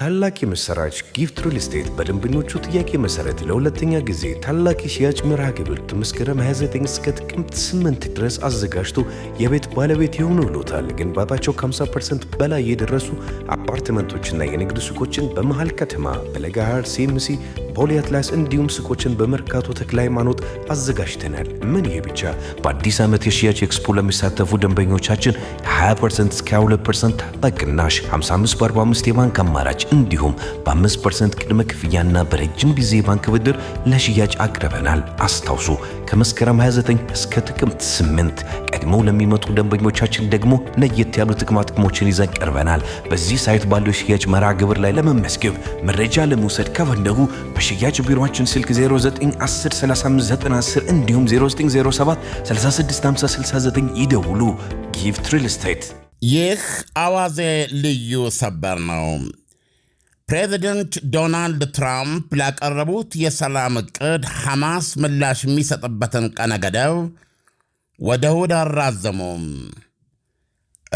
ታላቅ የምሥራች! ጊፍት ሪል ስቴት በደንበኞቹ ጥያቄ መሰረት ለሁለተኛ ጊዜ ታላቅ የሽያጭ መርሃ ግብር መስከረም 29 እስከ ጥቅምት 8 ድረስ አዘጋጅቶ የቤት ባለቤት የሆኑ ብሎታል። ግንባታቸው ከ50% በላይ የደረሱ አፓርትመንቶችና የንግድ ሱቆችን በመሃል ከተማ በለጋሃር ሲምሲ በፖሊ አትላስ እንዲሁም ሱቆችን በመርካቶ ተክለ ሃይማኖት አዘጋጅተናል። ምን ይሄ ብቻ! በአዲስ ዓመት የሽያጭ ኤክስፖ ለሚሳተፉ ደንበኞቻችን 20 እስከ 22 ፐርሰንት በቅናሽ 55 በ45 የባንክ አማራጭ እንዲሁም በ5 ቅድመ ክፍያና በረጅም ጊዜ የባንክ ብድር ለሽያጭ አቅርበናል። አስታውሱ ከመስከረም 29 እስከ ጥቅምት 8 ቀድመው ለሚመጡ ደንበኞቻችን ደግሞ ለየት ያሉ ጥቅማ ጥቅሞችን ይዘን ቀርበናል። በዚህ ሳይት ባለው የሽያጭ መርሃ ግብር ላይ ለመመስገብ መረጃ ለመውሰድ ከፈለጉ በሽያጭ ቢሮችን ስልክ 09103510 እንዲሁም 0907365069 ይደውሉ። ጊፍት ሪል ስቴት። ይህ አዋዜ ልዩ ሰበር ነው። ፕሬዚደንት ዶናልድ ትራምፕ ላቀረቡት የሰላም እቅድ ሐማስ ምላሽ የሚሰጥበትን ቀነ ገደብ ወደ እሁድ አራዘሙም።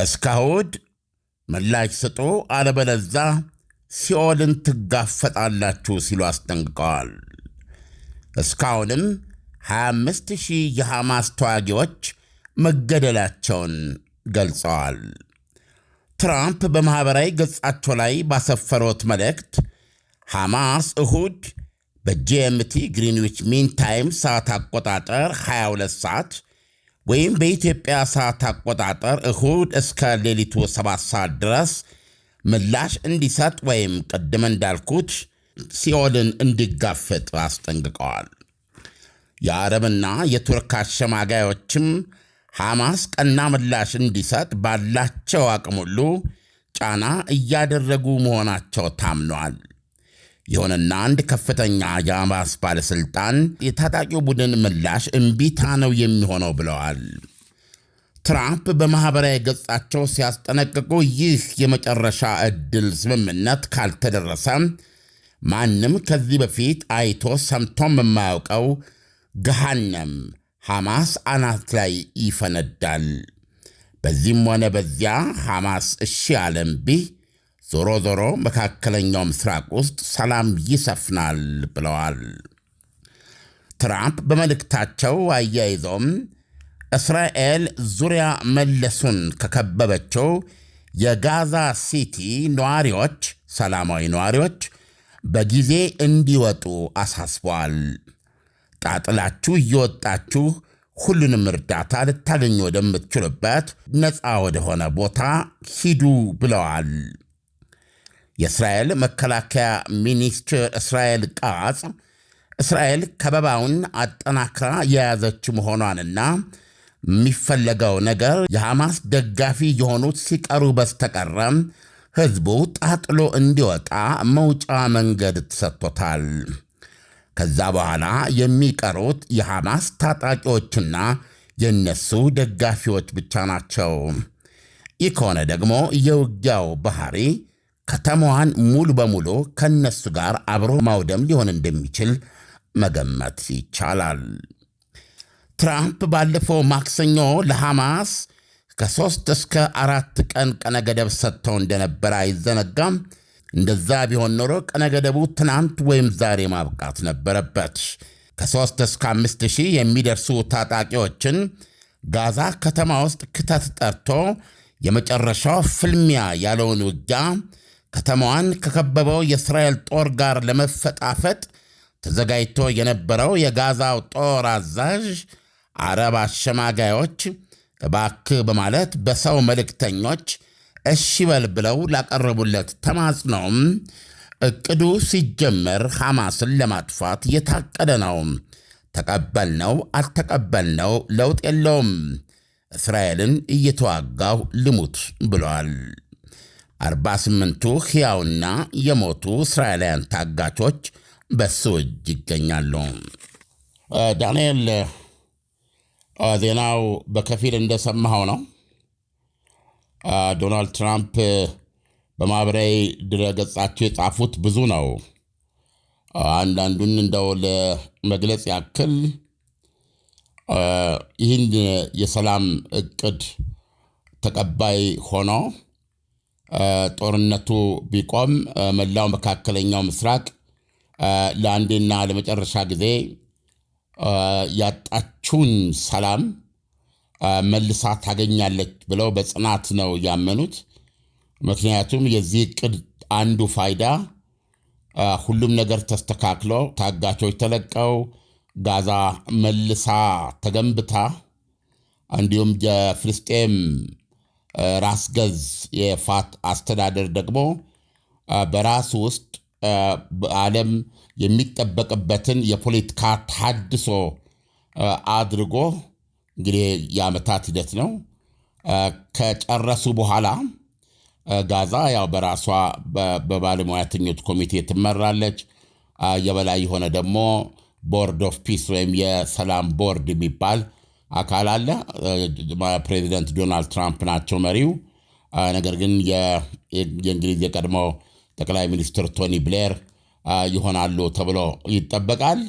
እስከ እሁድ ምላሽ ስጡ፣ አለበለዛ ሲኦልን ትጋፈጣላችሁ ሲሉ አስጠንቅቀዋል። እስካሁንም 25 ሺህ የሐማስ ተዋጊዎች መገደላቸውን ገልጸዋል። ትራምፕ በማኅበራዊ ገጻቸው ላይ ባሰፈሩት መልእክት ሐማስ እሁድ በጂኤምቲ ግሪንዊች ሚን ታይም ሰዓት አቆጣጠር 22 ሰዓት ወይም በኢትዮጵያ ሰዓት አቆጣጠር እሁድ እስከ ሌሊቱ 7 ሰዓት ድረስ ምላሽ እንዲሰጥ ወይም ቅድም እንዳልኩት ሲኦልን እንዲጋፍጥ አስጠንቅቀዋል። የአረብና የቱርክ አሸማጋዮችም ሐማስ ቀና ምላሽ እንዲሰጥ ባላቸው አቅም ሁሉ ጫና እያደረጉ መሆናቸው ታምነዋል። ይሁንና አንድ ከፍተኛ የሐማስ ባለሥልጣን የታጣቂው ቡድን ምላሽ እምቢታ ነው የሚሆነው ብለዋል። ትራምፕ በማኅበራዊ ገጻቸው ሲያስጠነቅቁ ይህ የመጨረሻ ዕድል ስምምነት ካልተደረሰ ማንም ከዚህ በፊት አይቶ ሰምቶም የማያውቀው ገሃነም ሐማስ አናት ላይ ይፈነዳል። በዚህም ሆነ በዚያ ሐማስ እሺ አለም ዞሮ ዞሮ መካከለኛው ምስራቅ ውስጥ ሰላም ይሰፍናል ብለዋል። ትራምፕ በመልእክታቸው አያይዘውም እስራኤል ዙሪያ መለሱን ከከበበችው የጋዛ ሲቲ ነዋሪዎች ሰላማዊ ነዋሪዎች በጊዜ እንዲወጡ አሳስበዋል። ጣጥላችሁ እየወጣችሁ ሁሉንም እርዳታ ልታገኙ ወደምትችሉበት ነፃ ወደሆነ ቦታ ሂዱ ብለዋል። የእስራኤል መከላከያ ሚኒስትር እስራኤል ቃጽ እስራኤል ከበባውን አጠናክራ የያዘች መሆኗንና የሚፈለገው ነገር የሐማስ ደጋፊ የሆኑት ሲቀሩ በስተቀረ ሕዝቡ ጣጥሎ እንዲወጣ መውጫ መንገድ ተሰጥቶታል። ከዛ በኋላ የሚቀሩት የሐማስ ታጣቂዎችና የእነሱ ደጋፊዎች ብቻ ናቸው። ይህ ከሆነ ደግሞ የውጊያው ባህሪ ከተማዋን ሙሉ በሙሉ ከእነሱ ጋር አብሮ ማውደም ሊሆን እንደሚችል መገመት ይቻላል። ትራምፕ ባለፈው ማክሰኞ ለሐማስ ከሦስት እስከ አራት ቀን ቀነ ገደብ ሰጥተው እንደነበረ አይዘነጋም። እንደዛ ቢሆን ኖሮ ቀነገደቡ ትናንት ወይም ዛሬ ማብቃት ነበረበት። ከሦስት እስከ አምስት ሺህ የሚደርሱ ታጣቂዎችን ጋዛ ከተማ ውስጥ ክተት ጠርቶ የመጨረሻው ፍልሚያ ያለውን ውጊያ ከተማዋን ከከበበው የእስራኤል ጦር ጋር ለመፈጣፈጥ ተዘጋጅቶ የነበረው የጋዛው ጦር አዛዥ አረብ አሸማጋዮች እባክ በማለት በሰው መልእክተኞች እሺ በል ብለው ላቀረቡለት ተማጽኖም እቅዱ ሲጀመር ሐማስን ለማጥፋት የታቀደ ነው። ተቀበልነው አልተቀበልነው ለውጥ የለውም። እስራኤልን እየተዋጋሁ ልሙት ብሏል አርባ ስምንቱ ሕያውና የሞቱ እስራኤላውያን ታጋቾች በሱ እጅ ይገኛሉ። ዳንኤል፣ ዜናው በከፊል እንደሰማኸው ነው። ዶናልድ ትራምፕ በማህበራዊ ድረገጻቸው የጻፉት ብዙ ነው። አንዳንዱን እንደው ለመግለጽ ያክል ይህን የሰላም እቅድ ተቀባይ ሆኖ ጦርነቱ ቢቆም መላው መካከለኛው ምስራቅ ለአንዴና ለመጨረሻ ጊዜ ያጣችውን ሰላም መልሳ ታገኛለች ብለው በጽናት ነው ያመኑት። ምክንያቱም የዚህ እቅድ አንዱ ፋይዳ ሁሉም ነገር ተስተካክሎ ታጋቾች ተለቀው ጋዛ መልሳ ተገንብታ እንዲሁም የፍልስጤም ራስ ገዝ የፋት አስተዳደር ደግሞ በራሱ ውስጥ ዓለም የሚጠበቅበትን የፖለቲካ ታድሶ አድርጎ እንግዲህ የአመታት ሂደት ነው። ከጨረሱ በኋላ ጋዛ ያው በራሷ በባለሙያተኞች ኮሚቴ ትመራለች። የበላይ የሆነ ደግሞ ቦርድ ኦፍ ፒስ ወይም የሰላም ቦርድ የሚባል አካል አለ። ፕሬዚደንት ዶናልድ ትራምፕ ናቸው መሪው። ነገር ግን የእንግሊዝ የቀድሞ ጠቅላይ ሚኒስትር ቶኒ ብሌር ይሆናሉ ተብሎ ይጠበቃል።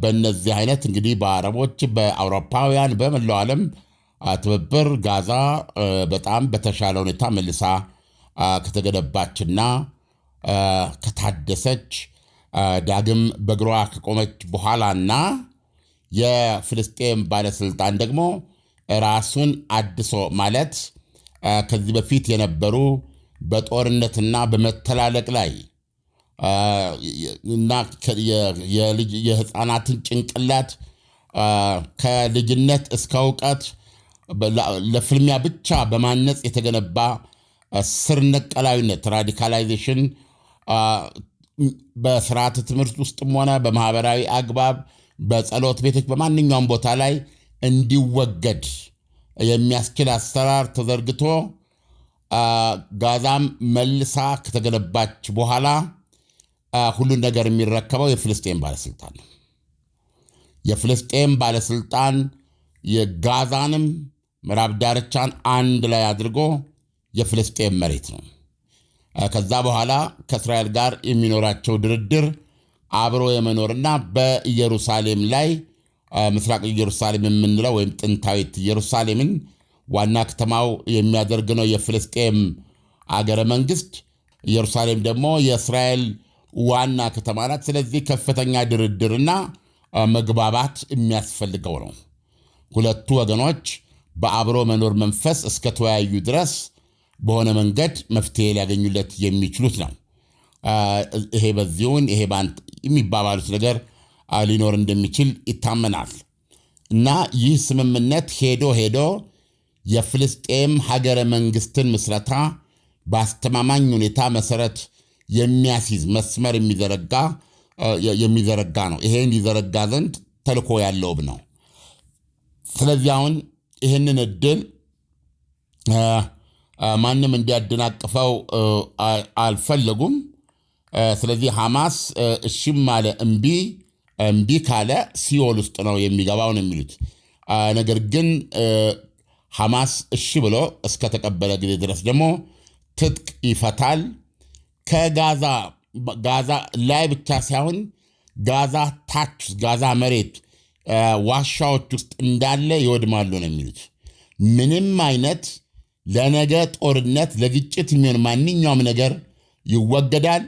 በእነዚህ አይነት እንግዲህ በአረቦች በአውሮፓውያን በመላው ዓለም ትብብር ጋዛ በጣም በተሻለ ሁኔታ መልሳ ከተገነባችና ከታደሰች ዳግም በእግሯ ከቆመች በኋላና የፍልስጤም ባለስልጣን ደግሞ ራሱን አድሶ ማለት ከዚህ በፊት የነበሩ በጦርነትና በመተላለቅ ላይ እና የህፃናትን ጭንቅላት ከልጅነት እስከ እውቀት ለፍልሚያ ብቻ በማነጽ የተገነባ ስር ነቀላዊነት ራዲካላይዜሽን በስርዓተ ትምህርት ውስጥም ሆነ በማህበራዊ አግባብ በጸሎት ቤቶች በማንኛውም ቦታ ላይ እንዲወገድ የሚያስችል አሰራር ተዘርግቶ ጋዛም መልሳ ከተገነባች በኋላ ሁሉን ነገር የሚረከበው የፍልስጤም ባለስልጣን ነው። የፍልስጤም ባለስልጣን የጋዛንም ምዕራብ ዳርቻን አንድ ላይ አድርጎ የፍልስጤም መሬት ነው። ከዛ በኋላ ከእስራኤል ጋር የሚኖራቸው ድርድር አብሮ የመኖርና በኢየሩሳሌም ላይ ምስራቅ ኢየሩሳሌም የምንለው ወይም ጥንታዊት ኢየሩሳሌምን ዋና ከተማው የሚያደርግ ነው የፍልስጤም አገረ መንግስት። ኢየሩሳሌም ደግሞ የእስራኤል ዋና ከተማ ናት። ስለዚህ ከፍተኛ ድርድርና መግባባት የሚያስፈልገው ነው። ሁለቱ ወገኖች በአብሮ መኖር መንፈስ እስከተወያዩ ድረስ በሆነ መንገድ መፍትሄ ሊያገኙለት የሚችሉት ነው። ይሄ በዚሁን ይሄ ባንት የሚባባሉት ነገር ሊኖር እንደሚችል ይታመናል እና ይህ ስምምነት ሄዶ ሄዶ የፍልስጤም ሀገረ መንግስትን ምስረታ በአስተማማኝ ሁኔታ መሰረት የሚያስይዝ መስመር የሚዘረጋ የሚዘረጋ ነው። ይሄን ይዘረጋ ዘንድ ተልኮ ያለው ነው። ስለዚህ አሁን ይህንን እድል ማንም እንዲያደናቅፈው አልፈለጉም። ስለዚህ ሐማስ እሺም አለ እምቢ እምቢ ካለ ሲኦል ውስጥ ነው የሚገባው ነው የሚሉት። ነገር ግን ሐማስ እሺ ብሎ እስከተቀበለ ጊዜ ድረስ ደግሞ ትጥቅ ይፈታል ከጋዛ ጋዛ ላይ ብቻ ሳይሆን ጋዛ ታች ጋዛ መሬት ዋሻዎች ውስጥ እንዳለ ይወድማሉ ነው የሚሉት። ምንም አይነት ለነገ ጦርነት ለግጭት የሚሆን ማንኛውም ነገር ይወገዳል፣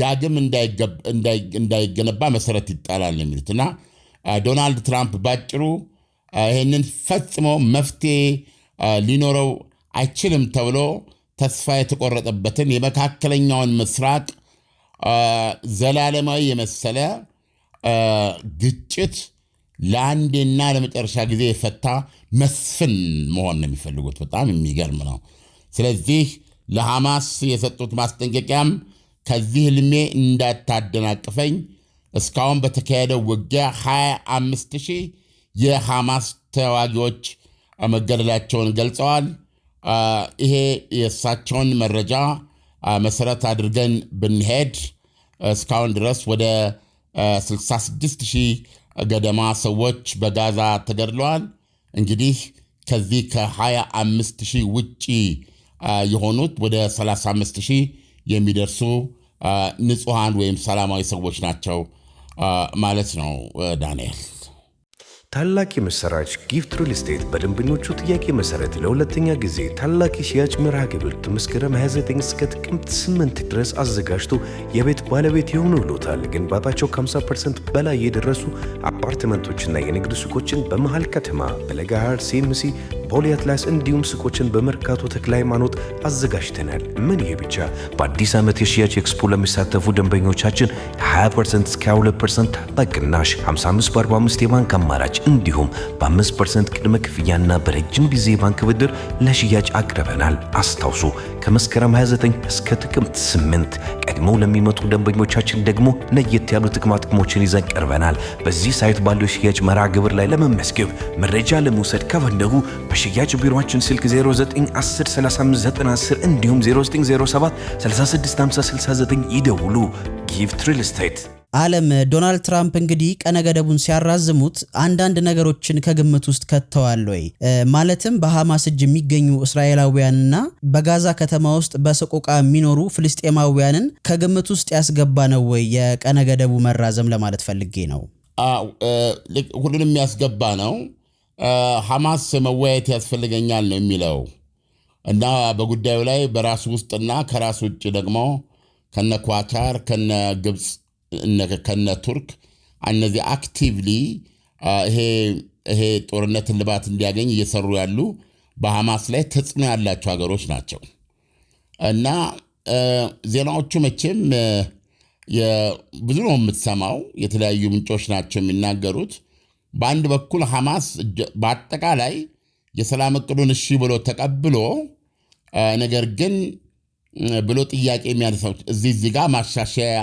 ዳግም እንዳይገነባ መሰረት ይጣላል የሚሉት እና ዶናልድ ትራምፕ ባጭሩ ይህንን ፈጽሞ መፍትሄ ሊኖረው አይችልም ተብሎ ተስፋ የተቆረጠበትን የመካከለኛውን ምስራቅ ዘላለማዊ የመሰለ ግጭት ለአንዴና ለመጨረሻ ጊዜ የፈታ መስፍን መሆን ነው የሚፈልጉት። በጣም የሚገርም ነው። ስለዚህ ለሐማስ የሰጡት ማስጠንቀቂያም ከዚህ ህልሜ እንዳታደናቅፈኝ፣ እስካሁን በተካሄደው ውጊያ 25 ሺህ የሐማስ ተዋጊዎች መገደላቸውን ገልጸዋል። ይሄ የእሳቸውን መረጃ መሰረት አድርገን ብንሄድ እስካሁን ድረስ ወደ 66 ሺህ ገደማ ሰዎች በጋዛ ተገድለዋል። እንግዲህ ከዚህ ከ25 ሺህ ውጪ የሆኑት ወደ 35 ሺህ የሚደርሱ ንጹሐን ወይም ሰላማዊ ሰዎች ናቸው ማለት ነው ዳንኤል። ታላቅ የምስራች ጊፍት ሪል ስቴት በደንበኞቹ ጥያቄ መሰረት ለሁለተኛ ጊዜ ታላቅ የሽያጭ መርሃ ግብር መስከረም 29 እስከ ጥቅምት 8 ድረስ አዘጋጅቶ የቤት ባለቤት የሆኑ ብሎታል። ግንባታቸው ከ50 በላይ የደረሱ አፓርትመንቶችና የንግድ ሱቆችን በመሃል ከተማ በለጋሃር ሲምሲ ቦሌ አትላስ እንዲሁም ስቆችን በመርካቶ ተክለ ሃይማኖት አዘጋጅተናል። ምን ይሄ ብቻ! በአዲስ ዓመት የሽያጭ ኤክስፖ ለሚሳተፉ ደንበኞቻችን 20 እስከ 22 ታላቅ ቅናሽ፣ 55 በ45 የባንክ አማራጭ እንዲሁም በ5 ቅድመ ክፍያና በረጅም ጊዜ የባንክ ብድር ለሽያጭ አቅርበናል። አስታውሱ ከመስከረም 29 እስከ ጥቅምት 8 ቀድመው ለሚመጡ ደንበኞቻችን ደግሞ ለየት ያሉ ጥቅማ ጥቅሞችን ይዘን ቀርበናል። በዚህ ሳይት ባለው የሽያጭ መርሃ ግብር ላይ ለመመስገብ መረጃ ለመውሰድ ከፈለጉ በሽያጭ ቢሮችን ስልክ 09103510 እንዲሁም 0907365069 ይደውሉ። ጊፍት ሪል ስቴት አለም ዶናልድ ትራምፕ እንግዲህ ቀነ ገደቡን ሲያራዝሙት አንዳንድ ነገሮችን ከግምት ውስጥ ከተዋል ወይ? ማለትም በሐማስ እጅ የሚገኙ እስራኤላውያንና በጋዛ ከተማ ውስጥ በሰቆቃ የሚኖሩ ፍልስጤማውያንን ከግምት ውስጥ ያስገባ ነው ወይ የቀነ ገደቡ መራዘም ለማለት ፈልጌ ነው። ሁሉንም ያስገባ ነው። ሐማስ መወያየት ያስፈልገኛል ነው የሚለው እና በጉዳዩ ላይ በራሱ ውስጥና ከራሱ ውጭ ደግሞ ከነ ኳታር፣ ከነ ግብፅ፣ ከነ ቱርክ እነዚህ አክቲቭሊ ይሄ ጦርነት እልባት እንዲያገኝ እየሰሩ ያሉ በሐማስ ላይ ተጽዕኖ ያላቸው ሀገሮች ናቸው እና ዜናዎቹ መቼም ብዙ ነው የምትሰማው። የተለያዩ ምንጮች ናቸው የሚናገሩት በአንድ በኩል ሐማስ በአጠቃላይ የሰላም እቅዱን እሺ ብሎ ተቀብሎ ነገር ግን ብሎ ጥያቄ የሚያነሳዎች እዚህ እዚህ ጋር ማሻሻያ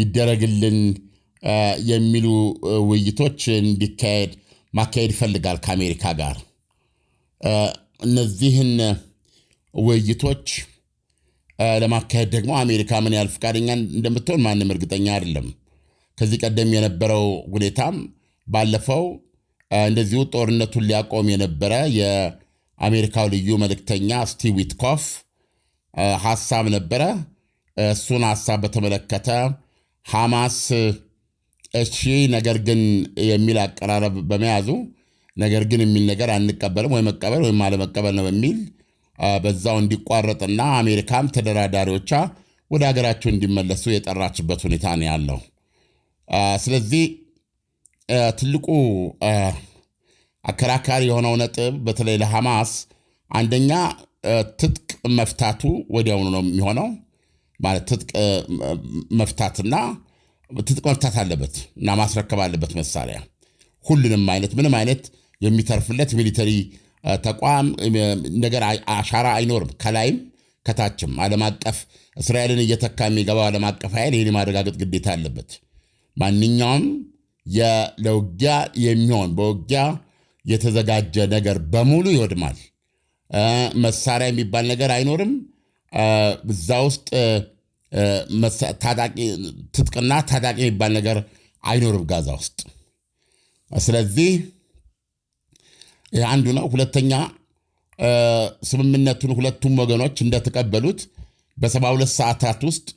ይደረግልን የሚሉ ውይይቶች እንዲካሄድ ማካሄድ ይፈልጋል ከአሜሪካ ጋር። እነዚህን ውይይቶች ለማካሄድ ደግሞ አሜሪካ ምን ያህል ፈቃደኛ እንደምትሆን ማንም እርግጠኛ አይደለም። ከዚህ ቀደም የነበረው ሁኔታም ባለፈው እንደዚሁ ጦርነቱን ሊያቆም የነበረ የአሜሪካው ልዩ መልእክተኛ ስቲቭ ዊትኮፍ ሀሳብ ነበረ። እሱን ሀሳብ በተመለከተ ሐማስ እሺ ነገር ግን የሚል አቀራረብ በመያዙ ነገር ግን የሚል ነገር አንቀበልም ወይ መቀበል ወይም አለመቀበል ነው በሚል በዛው እንዲቋረጥና አሜሪካም ተደራዳሪዎቿ ወደ ሀገራቸው እንዲመለሱ የጠራችበት ሁኔታ ነው ያለው። ስለዚህ ትልቁ አከራካሪ የሆነው ነጥብ በተለይ ለሐማስ አንደኛ ትጥቅ መፍታቱ ወዲያውኑ ነው የሚሆነው። ማለት ትጥቅ መፍታትና ትጥቅ መፍታት አለበት እና ማስረከብ አለበት መሳሪያ፣ ሁሉንም አይነት ምንም አይነት የሚተርፍለት ሚሊተሪ ተቋም ነገር አሻራ አይኖርም። ከላይም ከታችም ዓለም አቀፍ እስራኤልን እየተካ የሚገባው ዓለም አቀፍ ኃይል ይህን የማረጋገጥ ግዴታ አለበት ማንኛውም ለውጊያ የሚሆን በውጊያ የተዘጋጀ ነገር በሙሉ ይወድማል። መሳሪያ የሚባል ነገር አይኖርም። እዛ ውስጥ ትጥቅና ታጣቂ የሚባል ነገር አይኖርም ጋዛ ውስጥ። ስለዚህ ይህ አንዱ ነው። ሁለተኛ ስምምነቱን ሁለቱም ወገኖች እንደተቀበሉት በሰባ ሁለት ሰዓታት ውስጥ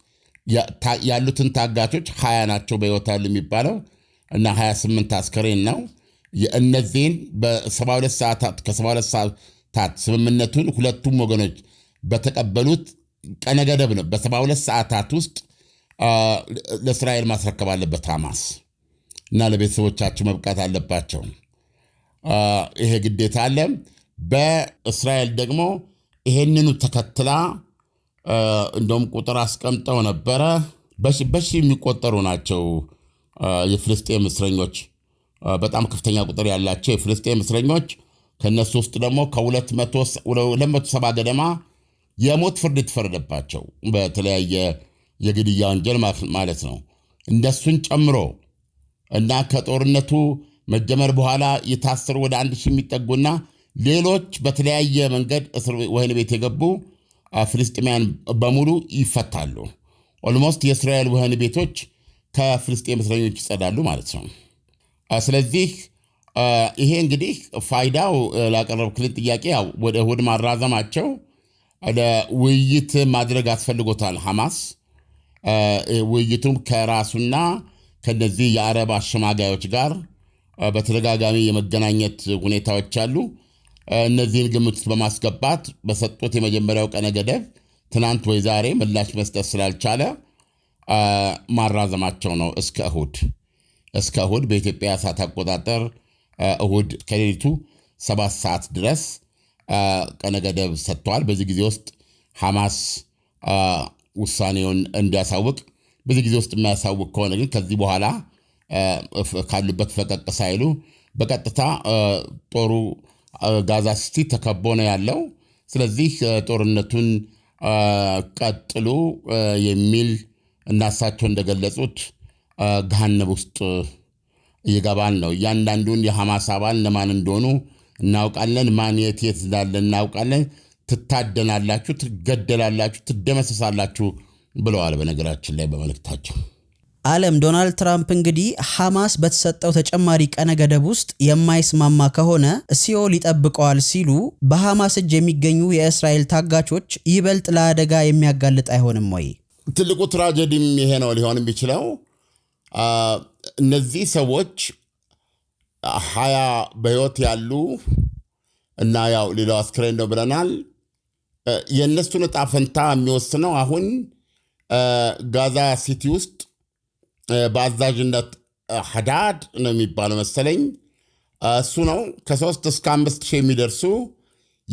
ያሉትን ታጋቾች ሀያ ናቸው በሕይወት ያሉ የሚባለው እና 28 አስከሬን ነው። እነዚህን በ72 ሰዓታት ከ72 ሰዓታት ስምምነቱን ሁለቱም ወገኖች በተቀበሉት ቀነ ገደብ ነው በ72 ሰዓታት ውስጥ ለእስራኤል ማስረከብ አለበት ሐማስ እና ለቤተሰቦቻቸው መብቃት አለባቸው። ይሄ ግዴታ አለ። በእስራኤል ደግሞ ይሄንኑ ተከትላ እንደውም ቁጥር አስቀምጠው ነበረ። በሺ የሚቆጠሩ ናቸው የፍልስጤም እስረኞች በጣም ከፍተኛ ቁጥር ያላቸው የፍልስጤም እስረኞች ከእነሱ ውስጥ ደግሞ ከ270 ገደማ የሞት ፍርድ የተፈረደባቸው በተለያየ የግድያ ወንጀል ማለት ነው። እንደሱን ጨምሮ እና ከጦርነቱ መጀመር በኋላ የታሰሩ ወደ አንድ ሺህ የሚጠጉና ሌሎች በተለያየ መንገድ እስር ወህኒ ቤት የገቡ ፍልስጤማውያን በሙሉ ይፈታሉ። ኦልሞስት የእስራኤል ወህኒ ቤቶች ከፍልስጤም እስረኞች ይጸዳሉ ማለት ነው። ስለዚህ ይሄ እንግዲህ ፋይዳው ላቀረብክልን ጥያቄ ያው ወደ እሑድ ማራዘማቸው ውይይት ማድረግ አስፈልጎታል። ሐማስ ውይይቱም ከራሱና ከነዚህ የአረብ አሸማጋዮች ጋር በተደጋጋሚ የመገናኘት ሁኔታዎች አሉ። እነዚህን ግምት ውስጥ በማስገባት በሰጡት የመጀመሪያው ቀነ ገደብ ትናንት ወይ ዛሬ ምላሽ መስጠት ስላልቻለ ማራዘማቸው ነው እስከ እሁድ እስከ እሁድ በኢትዮጵያ ሰዓት አቆጣጠር እሁድ ከሌሊቱ ሰባት ሰዓት ድረስ ቀነ ገደብ ሰጥተዋል። በዚህ ጊዜ ውስጥ ሐማስ ውሳኔውን እንዲያሳውቅ በዚህ ጊዜ ውስጥ የሚያሳውቅ ከሆነ ግን ከዚህ በኋላ ካሉበት ፈቀቅ ሳይሉ በቀጥታ ጦሩ ጋዛ ሲቲ ተከቦ ነው ያለው። ስለዚህ ጦርነቱን ቀጥሉ የሚል እናሳቸው እንደገለጹት ገሃነብ ውስጥ እየገባን ነው። እያንዳንዱን የሐማስ አባል ለማን እንደሆኑ እናውቃለን። ማን የት የት እንዳለ እናውቃለን። ትታደናላችሁ፣ ትገደላላችሁ፣ ትደመሰሳላችሁ ብለዋል። በነገራችን ላይ በመልእክታቸው አለም ዶናልድ ትራምፕ እንግዲህ ሐማስ በተሰጠው ተጨማሪ ቀነ ገደብ ውስጥ የማይስማማ ከሆነ ሲኦል ይጠብቀዋል ሲሉ በሐማስ እጅ የሚገኙ የእስራኤል ታጋቾች ይበልጥ ለአደጋ የሚያጋልጥ አይሆንም ወይ? ትልቁ ትራጀዲም ይሄ ነው ሊሆን የሚችለው። እነዚህ ሰዎች ሀያ በህይወት ያሉ እና ያው ሌላው አስክሬን ነው ብለናል። የእነሱን እጣ ፈንታ የሚወስነው አሁን ጋዛ ሲቲ ውስጥ በአዛዥነት ሀዳድ ነው የሚባለው መሰለኝ እሱ ነው ከሶስት እስከ አምስት ሺህ የሚደርሱ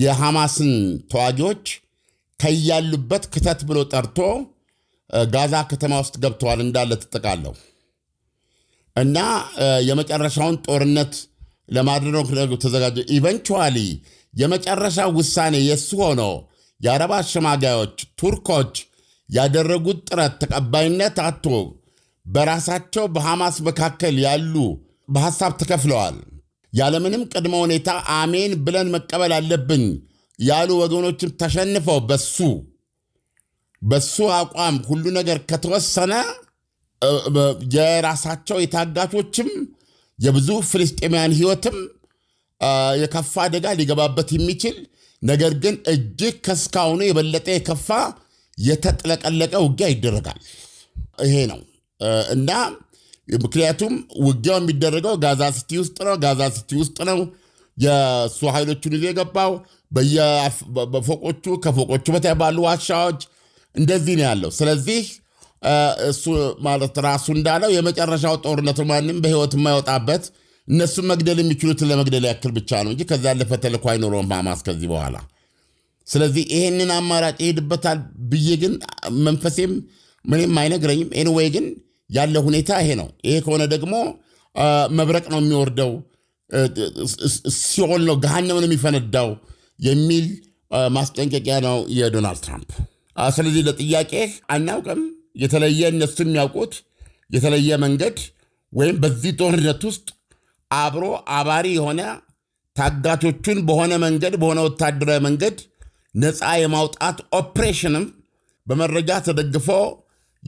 የሐማስን ተዋጊዎች ከያሉበት ክተት ብሎ ጠርቶ ጋዛ ከተማ ውስጥ ገብተዋል እንዳለ ትጠቃለሁ እና የመጨረሻውን ጦርነት ለማድረግ ተዘጋጀ። ኢቨንቹዋሊ የመጨረሻ ውሳኔ የሱ ሆኖ የአረብ አሸማጋዮች ቱርኮች ያደረጉት ጥረት ተቀባይነት አቶ በራሳቸው በሐማስ መካከል ያሉ በሐሳብ ተከፍለዋል። ያለምንም ቅድመ ሁኔታ አሜን ብለን መቀበል አለብን ያሉ ወገኖችም ተሸንፈው በሱ በሱ አቋም ሁሉ ነገር ከተወሰነ የራሳቸው የታጋቾችም የብዙ ፍልስጤማውያን ህይወትም የከፋ አደጋ ሊገባበት የሚችል ነገር ግን እጅግ ከስካሁኑ የበለጠ የከፋ የተጥለቀለቀ ውጊያ ይደረጋል። ይሄ ነው እና ምክንያቱም ውጊያው የሚደረገው ጋዛ ሲቲ ውስጥ ነው። ጋዛ ሲቲ ውስጥ ነው የእሱ ኃይሎቹን ይዞ የገባው በፎቆቹ ከፎቆቹ በታይ ባሉ ዋሻዎች እንደዚህ ነው ያለው። ስለዚህ እሱ ማለት ራሱ እንዳለው የመጨረሻው ጦርነቱ ማንም በህይወት የማይወጣበት እነሱን መግደል የሚችሉትን ለመግደል ያክል ብቻ ነው እንጂ ከዛ ያለፈ ተልዕኮ አይኖረውም ሐማስ ከዚህ በኋላ። ስለዚህ ይሄንን አማራጭ ይሄድበታል ብዬ ግን መንፈሴም ምንም አይነግረኝም። ኤንወይ ግን ያለ ሁኔታ ይሄ ነው። ይሄ ከሆነ ደግሞ መብረቅ ነው የሚወርደው፣ ሲኦል ነው ገሃነምን የሚፈነዳው የሚል ማስጠንቀቂያ ነው የዶናልድ ትራምፕ። ስለዚህ ለጥያቄህ አናውቅም። የተለየ እነሱ የሚያውቁት የተለየ መንገድ ወይም በዚህ ጦርነት ውስጥ አብሮ አባሪ የሆነ ታጋቾቹን በሆነ መንገድ በሆነ ወታደራዊ መንገድ ነፃ የማውጣት ኦፕሬሽንም በመረጃ ተደግፎ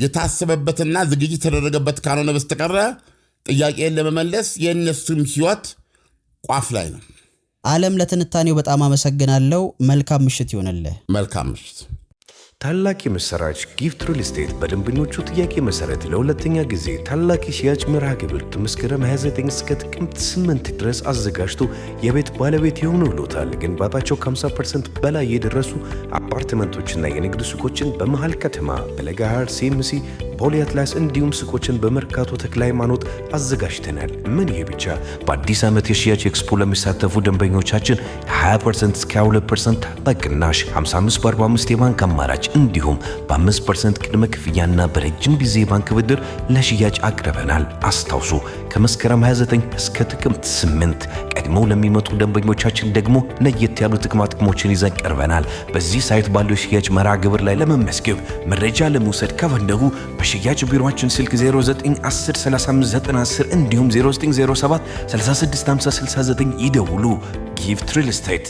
የታሰበበትና ዝግጅት የተደረገበት ካልሆነ በስተቀረ ጥያቄን ለመመለስ የእነሱም ህይወት ቋፍ ላይ ነው። ዓለም ለትንታኔው በጣም አመሰግናለሁ። መልካም ምሽት ይሆንልህ። መልካም ምሽት። ታላቅ የምስራች ጊፍት ሪል ስቴት በደንበኞቹ ጥያቄ መሰረት ለሁለተኛ ጊዜ ታላቅ የሽያጭ መርሃ ግብር መስከረም 29 እስከ ጥቅምት 8 ድረስ አዘጋጅቶ የቤት ባለቤት የሆኑ ብሎታል። ግንባታቸው ከ50 በላይ የደረሱ አፓርትመንቶችና የንግድ ሱቆችን በመሃል ከተማ በለጋሃር፣ ሲምሲ፣ ቦሌ አትላስ እንዲሁም ሱቆችን በመርካቶ ተክለ ሃይማኖት አዘጋጅተናል። ምን ይሄ ብቻ! በአዲስ ዓመት የሽያጭ ኤክስፖ ለሚሳተፉ ደንበኞቻችን 20 እስከ 22 ታላቅ ቅናሽ 55 በ45 የባንክ አማራጭ እንዲሁም በ5 ቅድመ ክፍያና በረጅም ጊዜ ባንክ ብድር ለሽያጭ አቅርበናል። አስታውሱ ከመስከረም 29 እስከ ጥቅምት 8 ቀድሞው ለሚመጡ ደንበኞቻችን ደግሞ ለየት ያሉ ጥቅማ ጥቅሞችን ይዘን ቀርበናል። በዚህ ሳይት ባለው የሽያጭ መርሃ ግብር ላይ ለመመስገብ መረጃ ለመውሰድ ከፈለጉ በሽያጭ ቢሮችን ስልክ 0910359010 እንዲሁም 0907365069 ይደውሉ። ጊፍት ሪል ስቴት